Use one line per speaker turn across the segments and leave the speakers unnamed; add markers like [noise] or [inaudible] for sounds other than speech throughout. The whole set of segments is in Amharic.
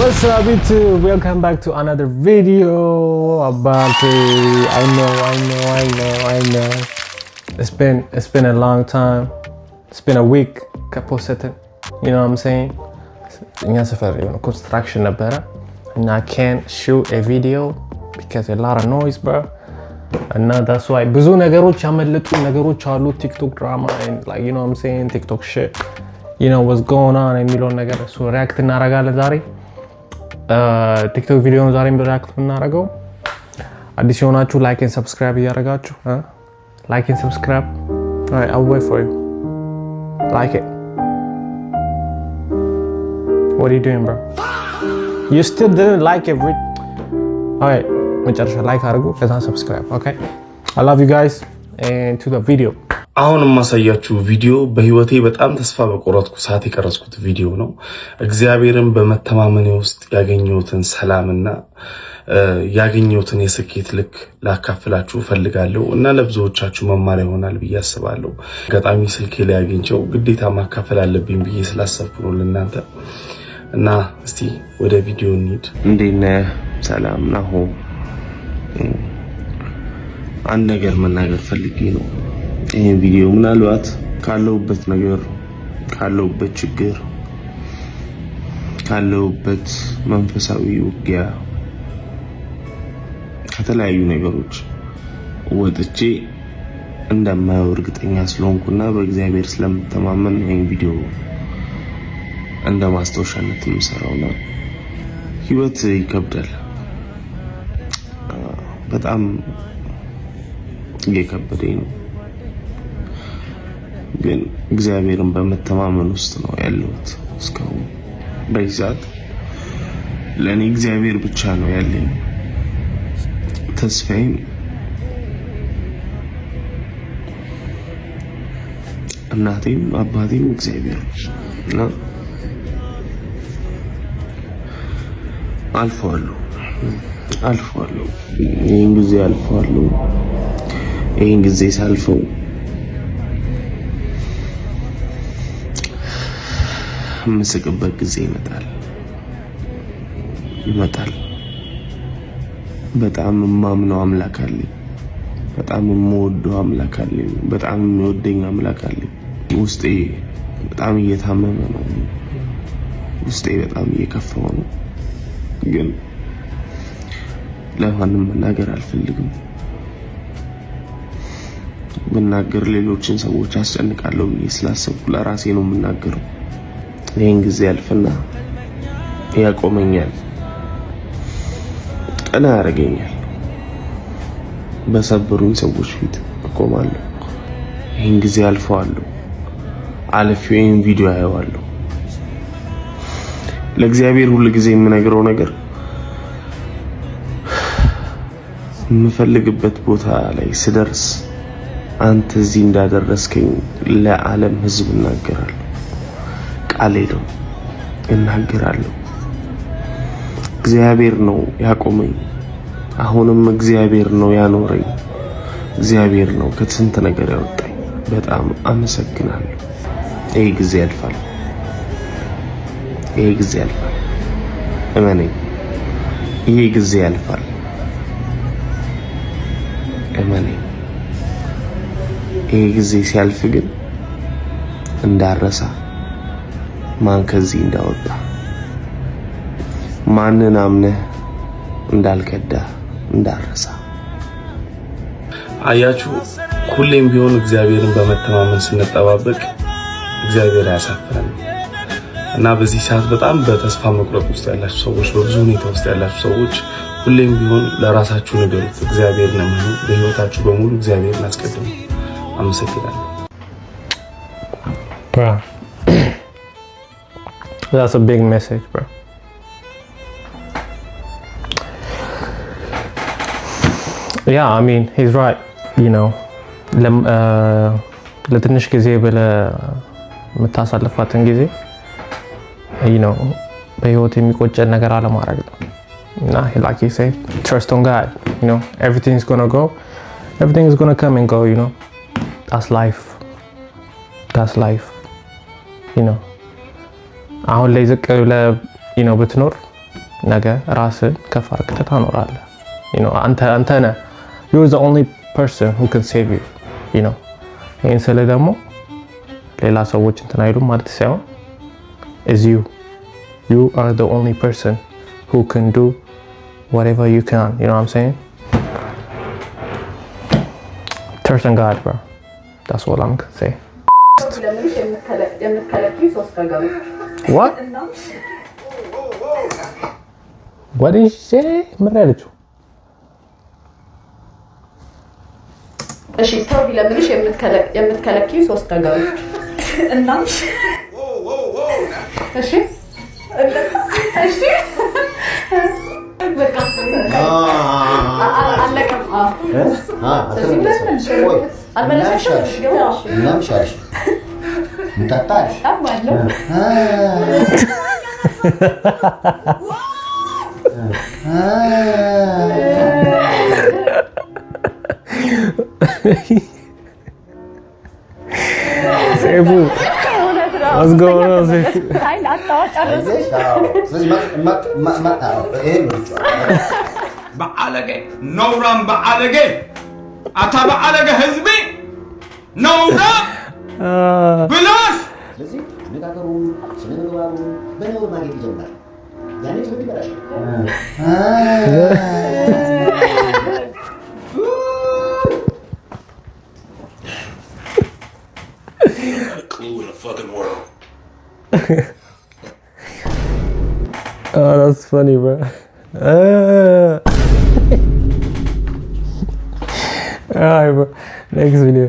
What's up YouTube? Welcome back to another video about the I know, I know, I know, I know. It's been it's been a long time. It's been a week ከፖስተን you know what I'm saying? construction ሰፈር የሆነ ኮንስትራክሽን I can't shoot a video because a lot of noise bro now that's why ብዙ ነገሮች ያመለጡ ነገሮች አሉ and like you know what I'm saying TikTok shit you know what's going on የሚለውን ነገር እሱ ሪያክት እናደርጋለን ዛሬ ቲክቶክ ቪዲዮን ዛሬም ሪያክት የምናደርገው አዲስ የሆናችሁ ላይክን ሰብስክራይብ እያደረጋችሁ ላይክን ሰብስክራይብ አወይ ፎር ዩ ላይክ What are you doing, bro? You still didn't like every... All right, መጨረሻ ላይክ አድርጉ ከዛ ሰብስክራይብ ኦኬ። I love you guys and to the video. አሁን የማሳያችሁ ቪዲዮ በህይወቴ በጣም ተስፋ በቆረጥኩ ሰዓት የቀረጽኩት ቪዲዮ ነው። እግዚአብሔርን በመተማመኔ ውስጥ ያገኘሁትን ሰላምና ያገኘሁትን የስኬት ልክ ላካፍላችሁ ፈልጋለሁ እና ለብዙዎቻችሁ መማሪያ ይሆናል ብዬ አስባለሁ። አጋጣሚ ስልኬ ላይ አግኝቼው ግዴታ ማካፈል አለብኝ ብዬ ስላሰብኩ ነው ልናንተ እና እስቲ ወደ ቪዲዮ እንሂድ። እንዴት ሰላም ናሆ። አንድ ነገር መናገር ፈልጌ ነው ይህን ቪዲዮ ምናልባት ካለውበት ነገር ካለሁበት ችግር ካለውበት መንፈሳዊ ውጊያ ከተለያዩ ነገሮች ወጥቼ እንደማየው እርግጠኛ ስለሆንኩና በእግዚአብሔር ስለምተማመን ይህን ቪዲዮ እንደ ማስታወሻነት ነው። ህይወት ይከብዳል። በጣም እየከበደኝ ነው። ግን እግዚአብሔርን በመተማመን ውስጥ ነው ያለሁት እስካሁን። በዚህ ሰዓት ለእኔ እግዚአብሔር ብቻ ነው ያለኝ። ተስፋዬም እናቴም አባቴም እግዚአብሔር እና አልፈዋለሁ አልፈዋለሁ ይህን ጊዜ አልፈዋለሁ ይህን ጊዜ ሳልፈው የምስቅበት ጊዜ ይመጣል ይመጣል። በጣም የማምነው አምላክ አለኝ። በጣም የምወደው አምላክ አለኝ። በጣም የሚወደኝ አምላክ አለኝ። ውስጤ በጣም እየታመመ ነው። ውስጤ በጣም እየከፋው ነው። ግን ለማንም መናገር አልፈልግም። ብናገር ሌሎችን ሰዎች አስጨንቃለሁ ብዬ ስላሰብኩ ለራሴ ነው የምናገረው። ይህን ጊዜ ያልፍና ያቆመኛል፣ ቀና ያደርገኛል። በሰበሩኝ ሰዎች ፊት እቆማለሁ። ይህን ጊዜ አልፈዋለሁ። አልፌው ወይም ቪዲዮ አየዋለሁ። ለእግዚአብሔር ሁል ጊዜ የምነግረው ነገር የምፈልግበት ቦታ ላይ ስደርስ አንተ እዚህ እንዳደረስከኝ ለዓለም ሕዝብ እናገራለሁ። አልሄድም፣ እናገራለሁ። እግዚአብሔር ነው ያቆመኝ። አሁንም እግዚአብሔር ነው ያኖረኝ። እግዚአብሔር ነው ከስንት ነገር ያወጣኝ። በጣም አመሰግናለሁ። ይሄ ጊዜ ያልፋል። ይሄ ጊዜ ያልፋል። እመነኝ፣ ይሄ ጊዜ ያልፋል። እመነኝ። ይሄ ጊዜ ሲያልፍ ግን እንዳረሳ ማን ከዚህ እንዳወጣ ማንን አምነህ እንዳልከዳ እንዳረሳ አያችሁ። ሁሌም ቢሆን እግዚአብሔርን በመተማመን ስንጠባበቅ እግዚአብሔር አያሳፍረን እና በዚህ ሰዓት በጣም በተስፋ መቁረጥ ውስጥ ያላችሁ ሰዎች፣ በብዙ ሁኔታ ውስጥ ያላችሁ ሰዎች ሁሌም ቢሆን ለራሳችሁ ንገሩት። እግዚአብሔር ነው የሚሆነው። በህይወታችሁ በሙሉ እግዚአብሔርን አስቀድሙ። አመሰግናለሁ። That's a big message, bro. Yeah, I mean, he's right. You know, ለትንሽ ጊዜ ብለህ የምታሳልፋትን ጊዜ ነው በህይወት የሚቆጨን ነገር አለማድረግ ነው እና like you say, trust on God. You know, everything is gonna go. Everything is gonna come and go, you know. That's life. That's life. You know. አሁን ላይ ዝቅ ብለህ ብትኖር ነገ ራስን ከፍ አድርገህ ታኖራለህ። አንተ ነህ ዩ ዘ ኦንሊ ፐርሰን ሁ ሴቭ ዩ ነው። ይህን ስለ ደግሞ ሌላ ሰዎች እንትን አይሉም ማለት ሳይሆን ኢዝ ዩ ዩ አር ዘ ኦንሊ ፐርሰን ሁ ዱ ጓደኝሽ ምን ያለችው?
እሺ ሰው ቢለምንሽ የምትከለኪው ሶስት ነገሮች እና እሺ እሺ በቃ ይጠጣል።
በአለጌ ነውራም በአለጌ አታ በአለጌ ህዝቤ ነውራ ብሎስ ስለዚህ አነጋገሩም ስነ ምግባሩም በነውር ማጌጥ ይጀምራል። ያኔ ትውልድ ይበላል።
Oh, that's funny, bro. All right, bro. Next video.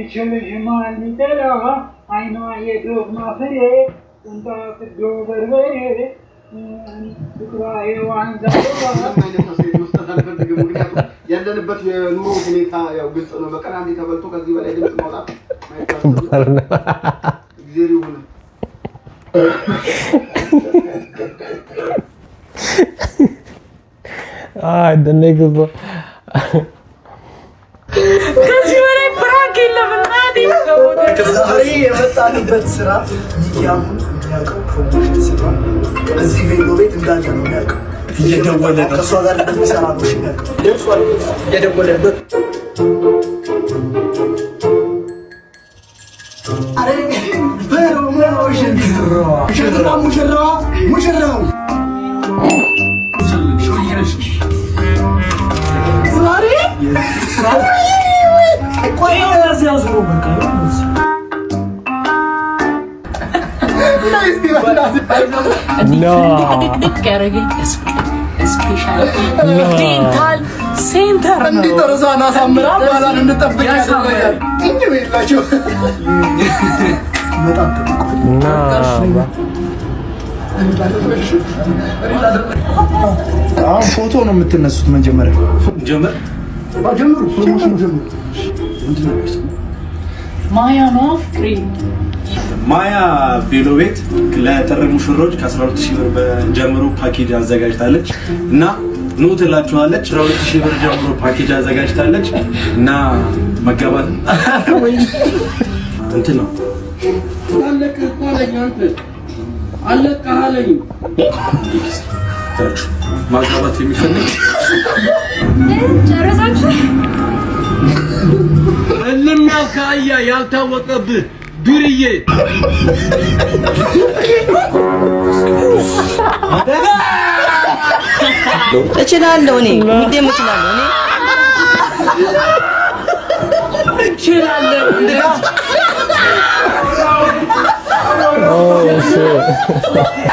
ይችልሽማል ሊጠራ አይኗ የዶፍ ማፍሬ ጥንጣት ዶፍ በርበሬ ፍቅሯ የዋንዛ ያለንበት የኑሮ ሁኔታ ያው ግልጽ ነው። በቀን አንዴ ተበልቶ ከዚህ በላይ ድምፅ ማውጣት እግዜር ይሁን። አይ
ዛሬ የመጣንበት ስራ ሚዲያም የሚያውቀው ፕሮሞሽን ስራ እዚህ ቬሎ ቤት እንዳለ ነው የሚያውቀው። እየደወለ ነው ከእሷ ጋር እንደሚሰራ ነው እየደወለበት
ሙሽራ ሙሽራ
በዚያ ዙሩ
በቃ ሴንተር እንዴት
አሁን ፎቶ ነው የምትነሱት። መጀመሪያ
ጀምር
ማያ ነው ፍቅሬ።
ማያ ቬሎ ቤት ለተረሙ ሙሽሮች ከ12 ሺህ ብር ጀምሮ ፓኬጅ አዘጋጅታለች እና ኑ ትላችኋለች። 12 ሺህ ብር ጀምሮ ፓኬጅ አዘጋጅታለች እና መጋባት እንትን ነው
አለቀሃለኝ
የሚፈልግ
ጨረሳችሁ
Yalka ayya yalta vakabı Dürüye
చలాల్లోని ముద్దే
ముచ్చలాల్లోని Oh,
shit.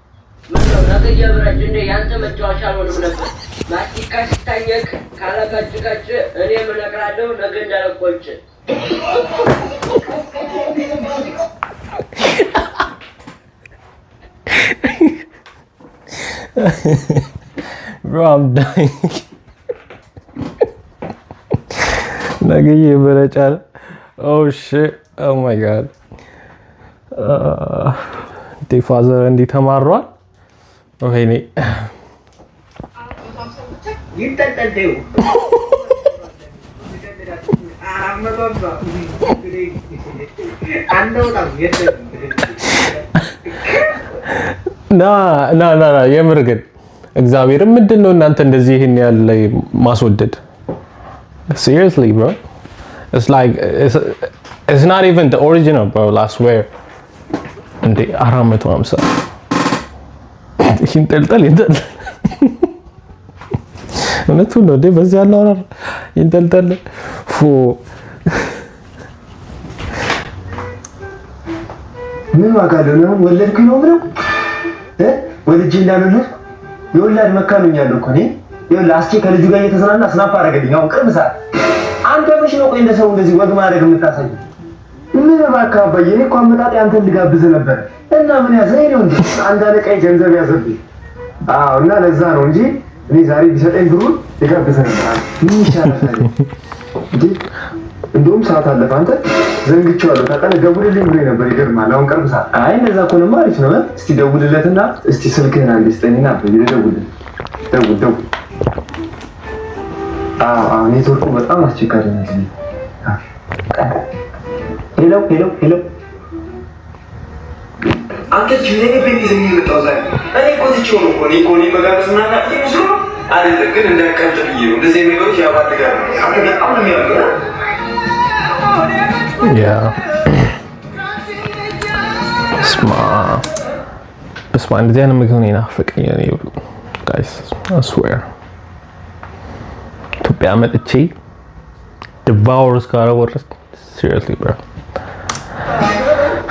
ምነው ነገያ ብራጅ እንደ ያንተ መጫወቻ አልሆንም ነበር። ማስቲካ ሲታኘክ ካላጋጭቃጭ እኔ ምነግራለሁ ነገ እንዳለቆጭ
ነገዬ በረጫል። ኦሽ ኦ ማይ ጋድ ፋዘር እንዲህ ተማሯል። ወይኔ ና ና ና የምር ግን እግዚአብሔር ምንድን ነው እናንተ እንደዚህ ይሄን ያለ ማስወደድ? ሲሪየስሊ ብሮ ኢትስ ላይክ ኢትስ ናት ኢቨን ዘ ኦሪጂናል ብሮ ላስት ዌር እንዴ 450 ይንጠልጠል ይንጠል እውነቱን ነው። በዚህ ያለ አወራር ይንጠልጠል። ፎ
ምን ዋጋ አለው? ወለድኩኝ ነው ብለው ወልጄ እንዳልወለድኩ የወላድ መካኖኛለሁ እኮ እኔ ይኸውልህ አስቼ ከልጁ ጋር እየተዝናና ስናፕ አደረገልኝ። አሁን ቅርብ ሰዓት አንተ መች ነው ቆይ እንደሰው እንደዚህ ወግ ማድረግ የምታሳየው? ምን እባክህ አባዬ፣ እኔ እኮ አመጣጤ አንተን ልጋብዝህ ነበር እና ምን ያዘኝ ነው እንጂ አንድ ገንዘብ ያዘብኝ። አዎ እና ለዛ ነው እንጂ እኔ ዛሬ ቢሰጠኝ ብሩን ልጋብዝህ ነበር። ምን ይሻላል እንደውም ሰዓት አለፈ። አንተ ዘንግቼዋለሁ ታውቃለህ። ደውልልኝ ነበር። ይገርማል። አሁን ቅርብ ሰዓት። አይ እንደዛ ከሆነማ አሪፍ ነው። እስቲ ደውልለትና እስቲ ስልክህን አንዴ ስጠኝና ደውል ደውል ደውል። አዎ ኔትወርኩ በጣም አስቸጋሪ ነው። ሄሎ ሄሎ ሄሎ
አንተች ምን ቤት ይዘኝ የመጣው ዛሬ እኔ እኮ ትቼው ነው እኮ እኔ እኮ እኔ መጋበዝ ምናምን አይመስልም አይደለም ግን እንዳቀብጥ ብዬ ነው እንደዚህ ነገሮች ያባልጋል አንተ በጣም ነው የሚያምር
ያ ስማ ስማ እንደዚህ አይነት ምግብ ነው የናፈቀኝ እኔ ጋይስ አስዌር ኢትዮጵያ መጥቼ ዲቫውር እስካረወረስ ሲሪየስሊ ብራ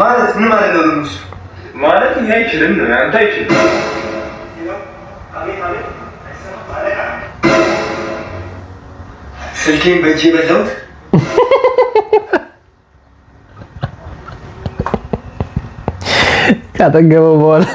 ማለት ምን ማለት ነው? እሱ ማለት ይሄ አይችልም ነው አንተ አይችልም ስልኬን በእጄ በላሁት። [laughs]
ካጠገበው በኋላ [laughs]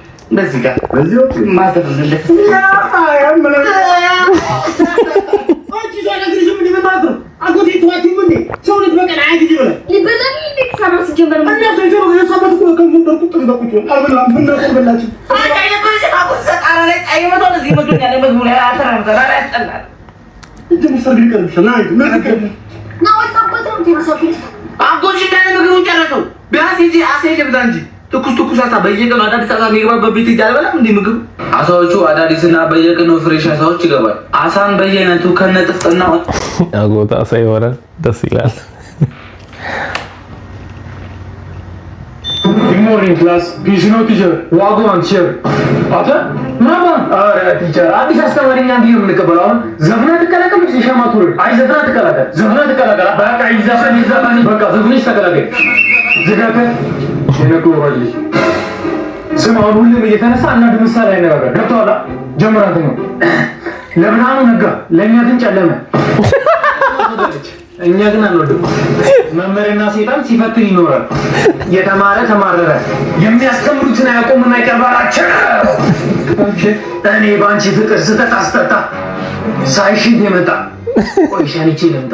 እንደዚህ ጋር ቢያንስ ሂጂ አሳይ ልብላ እንጂ ትኩስ ትኩስ አሳ በየቀኑ አዳዲስ አሳ የሚገባበት ቤት ይጃል በላ እንዴ ምግብ አሳዎቹ አዳዲስና በየቀኑ ፍሬሽ አሳዎች ይገባል። አሳን በየአይነቱ ከነጥፍጥና
አጎታ አሳ ይሆናል። ደስ ይላል።
ሞርኒንግ ክላስ ቢዚ ነው ቲቸር። ዋጎን ቲቸር አተ ምናምን አረ ቲቸር አዲስ አስተማሪኛ እንዲህ የምንቀበለው። አሁን ዘፍና ትቀላቀል ጊዜ ሸማቱር አይ ዘፍና ትቀላቀል፣ ዘፍና ትቀላቀል። በቃ ይዘፈን ይዘፈን፣ በቃ ዘፍንሽ ተቀላቀል ዝጋከል የነገ ወራጅ ስም አሁን ሁሉም እየተነሳ እናት ምሳሌ አይነጋገር ገብተዋላ ጀምራት ነው። ለብርሃኑ ነጋ ለእኛ ግን ጨለመ። እኛ ግን አንወድም። መምህርና ሴጣን ሲፈትን ይኖራል። የተማረ ተማረረ። የሚያስተምሩትን አያውቁምና ይቀርባራቸው። እኔ በአንቺ ፍቅር ስጠጣ ስጠጣ ሳይሽን የመጣ ቆይሻኒቼ ልምጣ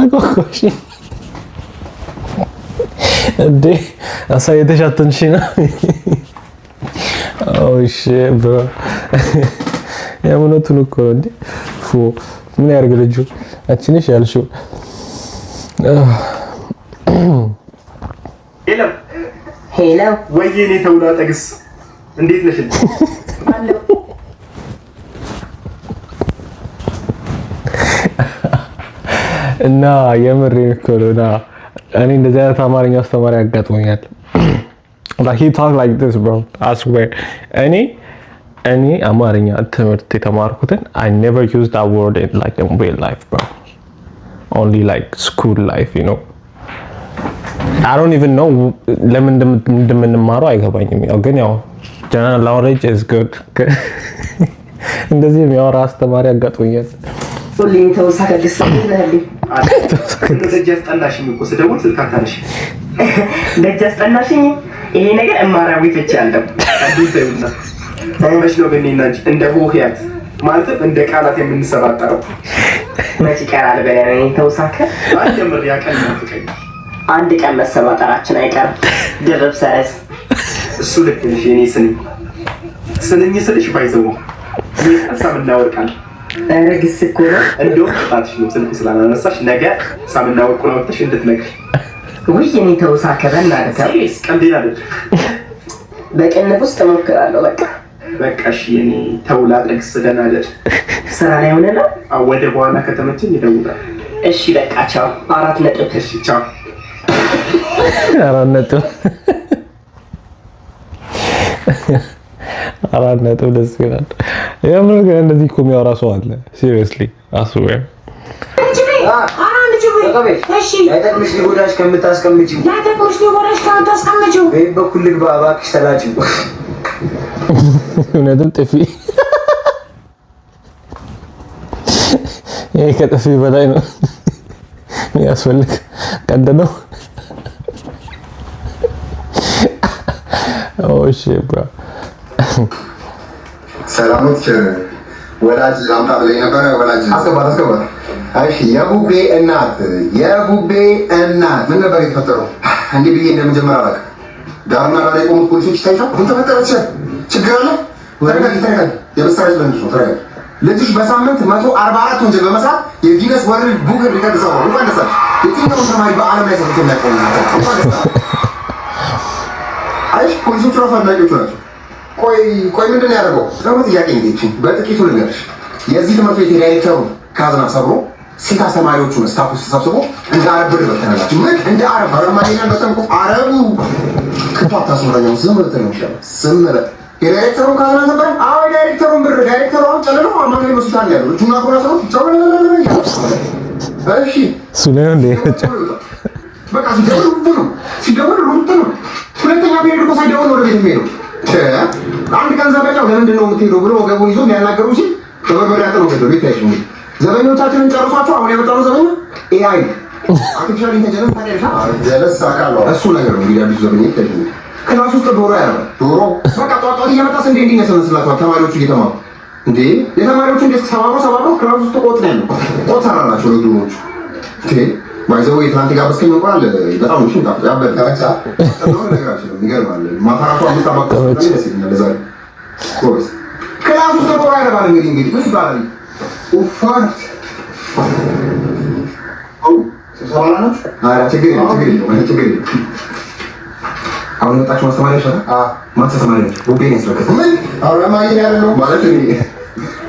አቆቆሽ እንዴ አሳየተሽ አትንሽ ነው። እሺ እኮ ነው እንዴ ፉ ምን ያርግ ልጁ አችንሽ ያልሽው
ሄሎ ሄሎ፣ ወይኔ ተውላ ጠግስ እንዴት ነሽ?
እና የምር የሚኮሉና እኔ እንደዚህ አይነት አማርኛ አስተማሪ ያጋጥሞኛል። እኔ እኔ አማርኛ ትምህርት የተማርኩትን አይ ኔቨር ዩዝ ዳት ወርድ ኢን ላይክ ሪል ላይፍ ብሮ ኦንሊ ላይክ ስኩል ላይፍ ዩ ኖ አይ ዶንት ኢቭን ኖ ለምን እንደምንማረው አይገባኝም። ያው ግን ያው ጀነራል ኢዝ ጉድ እንደዚህ የሚያወራ አስተማሪ ያጋጥሞኛል።
ደጅ አስጠላሽኝ እኮ ይሄ ነገር እማራዊ ተች ያለው
መች ነው ግን ናጅ እንደ ሆህያት ማለትም እንደ ቃላት የምንሰባጠረው
መች ይቀራል በእኔ ተውሳከ
ጀምር ያቀል ናፍቀኝ
አንድ ቀን መሰባጠራችን አይቀርም። ድርብ ሰረዝ
እሱ ልክ ነሽ። እኔ ስንኝ ስንኝ ስልሽ ባይዘው ይቀሳ ምናወርቃል
ረግስ እኮ ነው።
እንደውም ጣልሽ ነው ስልክ ስላላነሳሽ ነገ ሳምና ወርቁን አውጥተሽ እንድትነግሪኝ።
ውይ እኔ ተውሳ ከበን ማለት
ነው። ቀልዴን
በቅንፍ ውስጥ እሞክራለሁ። በቃ
በቃ እሺ። እኔ ተው ላድረግስ ገና አይደል።
ስራ ላይ ሆነ ነው።
ወደ በኋላ ከተመቸኝ ይደውላል።
እሺ በቃ ቻው። አራት ነጥብ።
እሺ ቻው።
አራት ነጥብ አራት ነጥብ ደስ ይላል። የምር ግን እንደዚህ እኮ የሚያወራ ሰው አለ። ሲሪየስሊ አስቡ። እውነትም ጥፊ ይሄ ከጥፊ በላይ ነው የሚያስፈልግ ቀንድ ነው። ኦ ሺ ብራ
ሰላሞት ወላጅ ላምጣ ብለኝ ነበረ። ወላጅ አስገባት አስገባት። እሺ የቡቤ እናት የቡቤ እናት ምን ነበር የተፈጠረው? እንዲህ ብዬ እንደመጀመሪያ አላውቅም። ዳርና ዳር የቆሙት ፖሊሶች ታይቷል። ምን ተፈጠረ? ችግር አለ? ተረጋጊ ተረጋጊ። የመሳሪያ ለንሱ ልጅሽ በሳምንት መቶ አርባ አራት ወንጀል በመስራት የጊነስ ወርልድ ቡክ ሪከርድ ሰብሯል። እንኳን ደስ የትኛውን ተማሪ በዓለም ላይ ሰርቶ የሚያውቀው? አይ ፖሊሶቹ ራሱ አድናቂዎቹ ናቸው። ቆይ ቆይ፣ ምንድን ነው ያደረገው? ጥሩ ጥያቄ እንዴት በጥቂቱ ልንገርሽ። የዚህ ትምህርት ቤት ዳይሬክተሩ ካዝና ሰብሮ ሴት አስተማሪዎቹን ስታፍ ውስጥ ተሰብስቦ እንደ አረብ ብር በተነላችሁ። ምን እንደ አረብ አረማዴና በተንኩ አረቡ ክፋ ታስመረኛው ዝም ብለህ ነው ይሻላል። ዝም ብለህ የዳይሬክተሩን ካዝና ነበር። አዎ ዳይሬክተሩን ብር ዳይሬክተሩ አሁን ጨለለው አማካኝ ሆስፒታል ያለው እጁና ኮራ ሰው ጨለለለለ እሺ፣ ሱሌን እንደ በቃ ሲደውል ነው ሲደውል ነው ሁለተኛ ፔሪድ እኮ ሳይደውል ወደ ቤት የሚሄደው አንድ ቀን ዘበኛው ለምንድን ነው የምትሄደው ብሎ ወገቡን ይዞ የሚያናገሩ ሲል በበርበሬ አጥሮ ገደሉ። ይታይሽ ነው ዘበኞቻችንን ጨርሷቸው አሁን ያመጣነው ዘበኛ ኤአይ አርቲፊሻል ኢንተለጀንስ ታዲያ እሱ ነገር ነው እንግዲህ አዲሱ ዘበኛ ይታይሽ ክላስ ውስጥ ዶሮ ያለ ዶሮ በቃ ጧጧ እየመጣስ እንዴ እንዲህ ያሰመስላቸዋል ተማሪዎቹ እየተማሩ እንዴ የተማሪዎቹ እንዴት ሰባብሮ ሰባብሮ ክላስ ውስጥ ቆጥ ነው ያለው ቆጥ ሰራላቸው ለዶሮዎቹ ማይዘው የትናንት የጋበዝከኝ እንኳን በጣም ውሽም ጣፍጣ በልካቻ ተደውል ነገር አልችልም። ይገርማል። ማታ ማስተማሪያ ማለት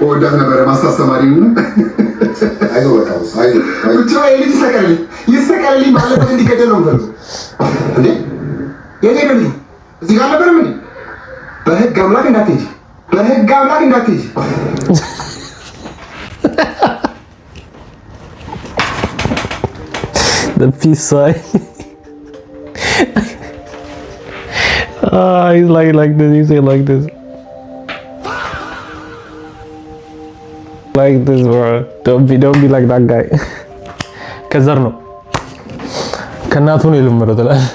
ወዳት ነበረ ማስታስተማሪው ነው። አይዞህ በቃ አይዞህ ብቻ የልጅ ይሰቀልልኝ ይሰቀልልኝ ባለበት እንዲገደል ነው የምፈልገው። እንዴ የኔ ብል እዚህ ጋር ነበር። ምን በህግ አምላክ እንዳትሄጂ፣ በህግ አምላክ እንዳትሄጂ።
The peace sign. ah, he's like like this. He's like this. like this, bro. Don't be, don't be like that guy. [laughs] ከዘር ነው ከእናቱ ነው የለመደው ትላለህ።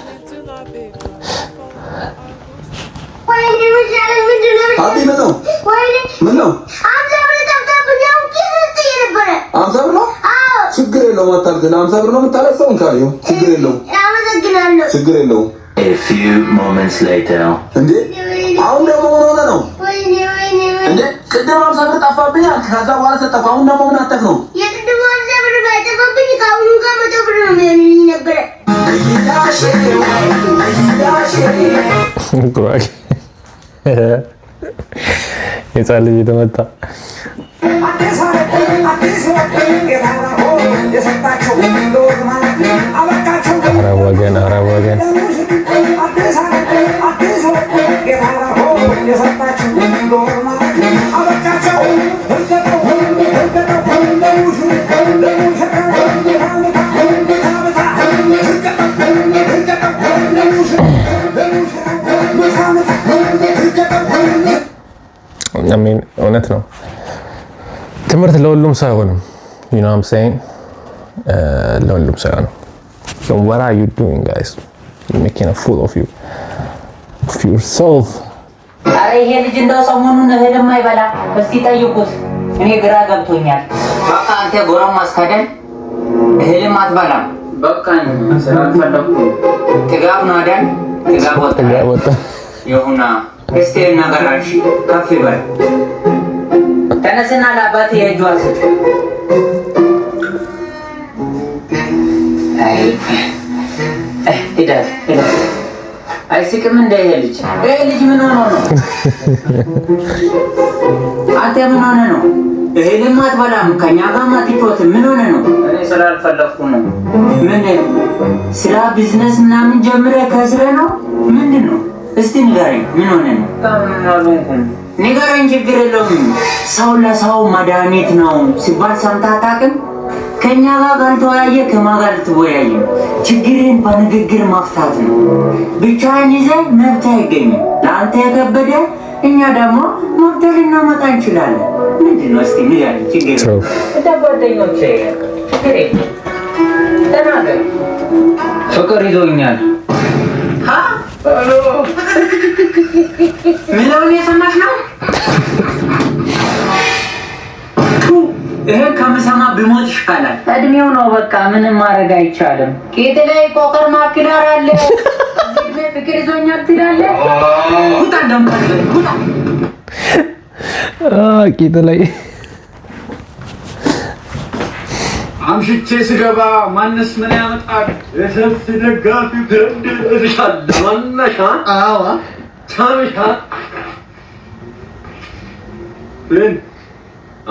ችግር የለውም አታልቅም። አምሳ ብር ነው የምታለቅሰው። እንካየው ችግር የለውም ችግር የለውም ቅድም አምሳ ብር ጠፋብኝ። ከዛ በኋላ ሰጠኩ። አሁን ደግሞ ምን አተክ ነው የቅድም አምሳ ብር ባይጠፋብኝ ከአሁኑ ጋር መቶ ብር ነው ነበረ
የጻል እየተመታ አረ ወገን አረ ወገን አሜን። እውነት ነው። ትምህርት ለሁሉም ሰው አይሆንም። ዩ ኖ አም ሴይንግ ለሁሉም ሰው አይሆንም። ወራ ዩ ዱንግ ጋይስ ሜኪንግ አ ፉል ኦፍ ዩ ኦፍ ዩርሰልፍ።
አረ ይሄ ልጅ እንደው ሰሞኑን እህል የማይበላ እስቲ ጠይቁት። እኔ ግራ ገብቶኛል። በቃ አንተ ጎረም አስካደን እህልም አትበላም። በቃ ስራ ፈለኩ። ጥጋብ ነው አይደል? ጥጋብ ወጣ ይሁና እስቴና ቀራሽ ከፍ ይበል። ተነስና ለአባቴ የእጇ ስጥ። አይስቅም እንደ ይሄ ልጅ ይሄ ልጅ ምን ሆኖ ነው? አንተ ምን ሆነ ነው? እህልም አትበላም፣ ከኛ ጋር አትጮትም። ምን ሆነ ነው? እኔ ስራ አልፈለግኩ ነው። ምን ስራ ቢዝነስ ምናምን ጀምረ ከስረ ነው ምንድን ነው? እስቲ ንገረኝ፣ ምን ሆነ ነው? ንገረኝ፣ ችግር የለውም። ሰው ለሰው መድኃኒት ነው ሲባል ሰምተህ አታውቅም? ከእኛ ጋር ካልተወያየ ከማን ጋር ልትወያየ? ችግርን በንግግር ማፍታት ነው። ብቻህን ይዘህ መብት አይገኝም። ለአንተ የከበደ እኛ ደግሞ መብትህ ልናመጣ እንችላለን። ምንድን ነው እስቲ ንገረኝ፣ ችግር ፍቅር ይዞኛል ምለውን የሰማሽ ነው። ይሄ ከምሰማ ብሞት ይሻላል። እድሜው ነው በቃ ምንም ማድረግ አይቻልም። ቄጤ ላይ ቆቀር ማክዳር አለ። ፍቅር ይዞኛል ትላለህ። ቁጣ ደምጣ ቁጣ
ቄጤ ላይ
አምሽቼ ስገባ ማንስ ምን ያመጣል? የሰብስ ደጋፊ ገንድ እርሻል ማነሻ አዋ ታምሻ ምን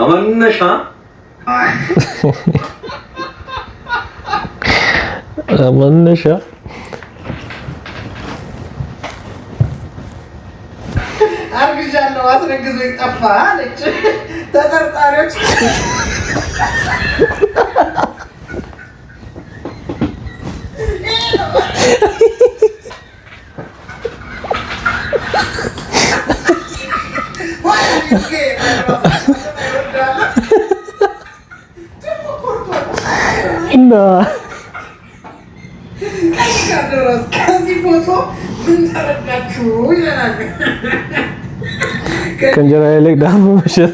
አመነሻ አመነሻ አርግዣለሁ አስረግዞ ይጠፋ አለች። ተጠርጣሪዎች Да. ከእንጀራ ይልቅ ዳቦ መሸጥ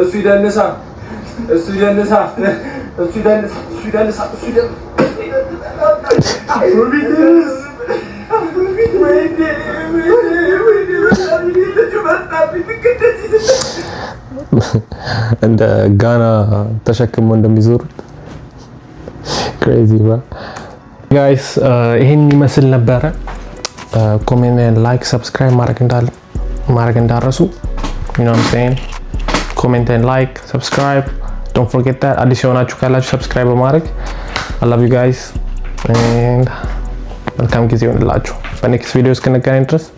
እሱ ይደንሳል። እሱ ደንሳ እሱ ደንሳ እሱ ደንሳ እሱ እንደ ጋና ተሸክሞ እንደሚዞሩት ክሬዚ ጋይስ ይህን ይመስል ነበረ። ኮሜንት፣ ላይክ፣ ሰብስክራይብ ማድረግ እንዳረሱ ኮሜንት፣ ላይክ፣ ሰብስክራይብ don't forget that additional chukaላችሁ ሰብስክራይብ በማድረግ I love you guys and መልካም ጊዜ ይሆንላችሁ በኔክስት ቪዲዮ እስክንገናኝ ድረስ